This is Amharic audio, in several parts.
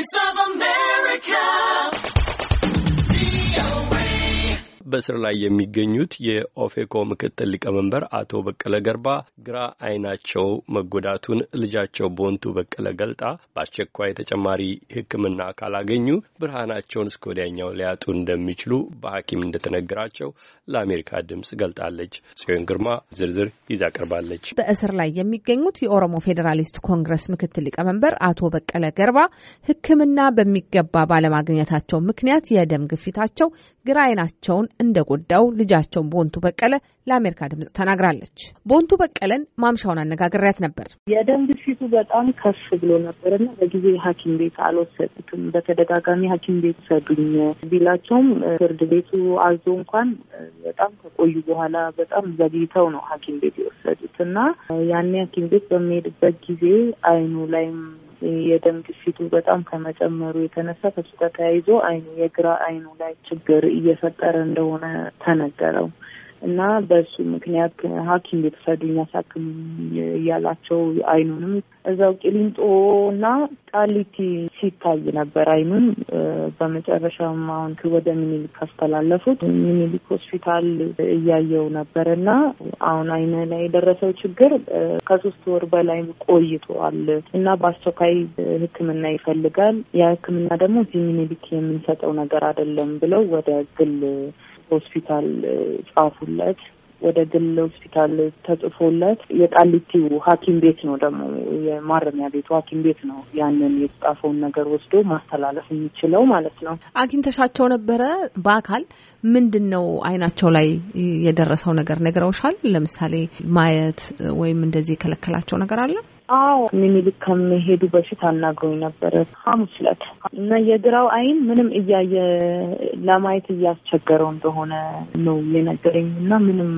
Voice of America. በእስር ላይ የሚገኙት የኦፌኮ ምክትል ሊቀመንበር አቶ በቀለ ገርባ ግራ አይናቸው መጎዳቱን ልጃቸው ቦንቱ በቀለ ገልጣ በአስቸኳይ ተጨማሪ ሕክምና ካላገኙ ብርሃናቸውን እስከ ወዲያኛው ሊያጡ እንደሚችሉ በሐኪም እንደተነገራቸው ለአሜሪካ ድምጽ ገልጣለች። ጽዮን ግርማ ዝርዝር ይዛ ቀርባለች። በእስር ላይ የሚገኙት የኦሮሞ ፌዴራሊስት ኮንግረስ ምክትል ሊቀመንበር አቶ በቀለ ገርባ ሕክምና በሚገባ ባለማግኘታቸው ምክንያት የደም ግፊታቸው ግራ አይናቸውን እንደጎዳው ልጃቸውን ቦንቱ በቀለ ለአሜሪካ ድምጽ ተናግራለች። ቦንቱ በቀለን ማምሻውን አነጋግሬያት ነበር። የደም ግፊቱ በጣም ከፍ ብሎ ነበር እና በጊዜ ሐኪም ቤት አልወሰዱትም። በተደጋጋሚ ሐኪም ቤት ሰዱኝ ቢላቸውም ፍርድ ቤቱ አዞ እንኳን በጣም ከቆዩ በኋላ በጣም ዘግይተው ነው ሐኪም ቤት የወሰዱት እና ያኔ ሐኪም ቤት በሚሄድበት ጊዜ አይኑ ላይም የደም ግፊቱ በጣም ከመጨመሩ የተነሳ ከሱ ጋር ተያይዞ አይኑ የግራ አይኑ ላይ ችግር እየፈጠረ እንደሆነ ተነገረው። እና በእሱ ምክንያት ሐኪም ቤተሰዱ ያሳክም እያላቸው አይኑንም እዛው ቂሊንጦ እና ቃሊቲ ሲታይ ነበር። አይኑን በመጨረሻም አሁን ወደ ሚኒሊክ አስተላለፉት። ሚኒሊክ ሆስፒታል እያየው ነበር እና አሁን አይነ ላይ የደረሰው ችግር ከሶስት ወር በላይ ቆይቷል እና በአስቸኳይ ሕክምና ይፈልጋል። ያ ሕክምና ደግሞ እዚህ ሚኒሊክ የምንሰጠው ነገር አይደለም ብለው ወደ ግል ሆስፒታል ጻፉ። ተጽፎለት ወደ ግል ሆስፒታል ተጽፎለት የቃሊቲው ሐኪም ቤት ነው ደግሞ የማረሚያ ቤቱ ሐኪም ቤት ነው ያንን የተጻፈውን ነገር ወስዶ ማስተላለፍ የሚችለው ማለት ነው። አግኝተሻቸው ነበረ በአካል ምንድን ነው አይናቸው ላይ የደረሰው ነገር ነግረውሻል? ለምሳሌ ማየት ወይም እንደዚህ የከለከላቸው ነገር አለ? አዎ ሚኒሊክ ከመሄዱ በፊት አናግሮኝ ነበረ ሐሙስ ዕለት እና የግራው አይን ምንም እያየ ለማየት እያስቸገረው እንደሆነ ነው የነገረኝ እና ምንም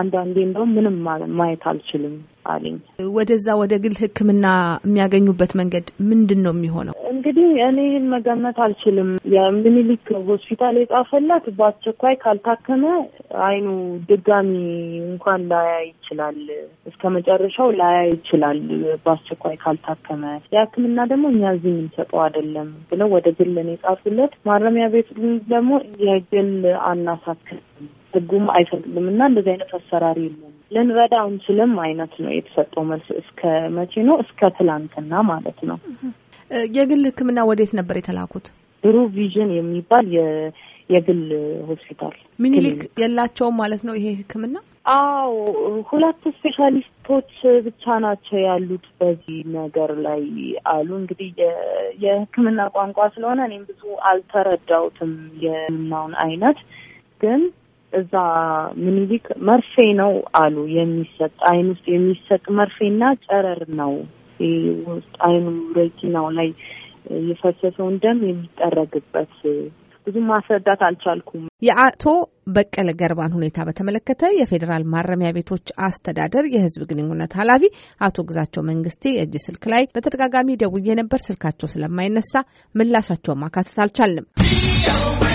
አንዳንዴ እንደውም ምንም ማየት አልችልም አለኝ። ወደዛ ወደ ግል ሕክምና የሚያገኙበት መንገድ ምንድን ነው የሚሆነው? እንግዲህ እኔ ይህን መገመት አልችልም። የሚኒሊክ ሆስፒታል የጻፈላት በአስቸኳይ ካልታከመ አይኑ ድጋሚ እንኳን ላያይ ይችላል፣ እስከ መጨረሻው ላያይ ይችላል በአስቸኳይ ካልታከመ። የህክምና ደግሞ እኛ እዚህ የምንሰጠው አይደለም ብለው ወደ ግል እኔ ጻፉለት። ማረሚያ ቤት ደግሞ የግል አናሳክም ህጉም አይፈቅድም እና እንደዚህ አይነት አሰራር የለም። ልንረዳው እንችልም አይነት ነው የተሰጠው መልስ። እስከ መቼ ነው? እስከ ትላንትና ማለት ነው። የግል ሕክምና ወዴት ነበር የተላኩት? ብሩ ቪዥን የሚባል የግል ሆስፒታል። ሚኒሊክ የላቸውም ማለት ነው ይሄ ሕክምና? አዎ ሁለት ስፔሻሊስቶች ብቻ ናቸው ያሉት በዚህ ነገር ላይ አሉ። እንግዲህ የሕክምና ቋንቋ ስለሆነ እኔም ብዙ አልተረዳሁትም የሕክምናውን አይነት ግን እዛ ምኒልክ መርፌ ነው አሉ የሚሰጥ አይን ውስጥ የሚሰጥ መርፌና ጨረር ነው ውስጥ አይኑ ሬቲናው ላይ የፈሰሰውን ደም የሚጠረግበት ብዙ ማስረዳት አልቻልኩም። የአቶ በቀለ ገርባን ሁኔታ በተመለከተ የፌዴራል ማረሚያ ቤቶች አስተዳደር የሕዝብ ግንኙነት ኃላፊ አቶ ግዛቸው መንግስቴ እጅ ስልክ ላይ በተደጋጋሚ ደውዬ ነበር። ስልካቸው ስለማይነሳ ምላሻቸውን ማካተት አልቻልንም።